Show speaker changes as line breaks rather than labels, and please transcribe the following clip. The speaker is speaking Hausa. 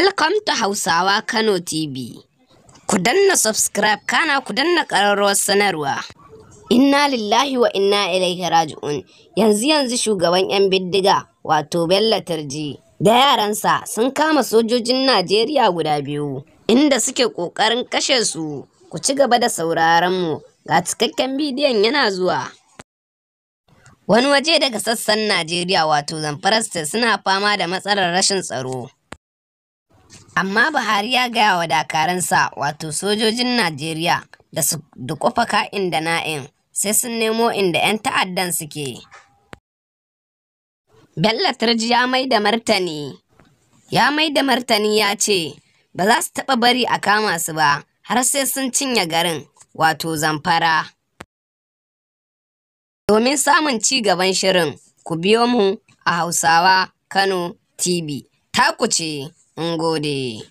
Welcome to Hausawa Kano TV. Ku danna subscribe kana ku danna ƙararrawar sanarwa. Inna lillahi wa inna ilaihi raji'un. Yanzu yanzu shugaban 'yan bindiga wato Bello Tarji da yaransa sun kama sojojin Najeriya guda biyu inda suke ƙoƙarin kashe su. Ku ci gaba da sauraron mu ga cikakken bidiyon yana zuwa. Wani waje daga sassan Najeriya wato Zamfara suna fama da matsalar rashin tsaro. Amma Buhari ya gaya wa dakaransa wato sojojin Najeriya da su dukufa ka'in da na'in sai sun nemo inda 'yan ta'addan suke. Bello Turji ya mai da martani. Ya mai da martani ya ce, ba za su taɓa bari a kama su ba har sai sun cinye garin wato zamfara. Domin samun ci gaban shirin, ku biyo mu a Hausawa Kano TV. ku ce. Mun gode.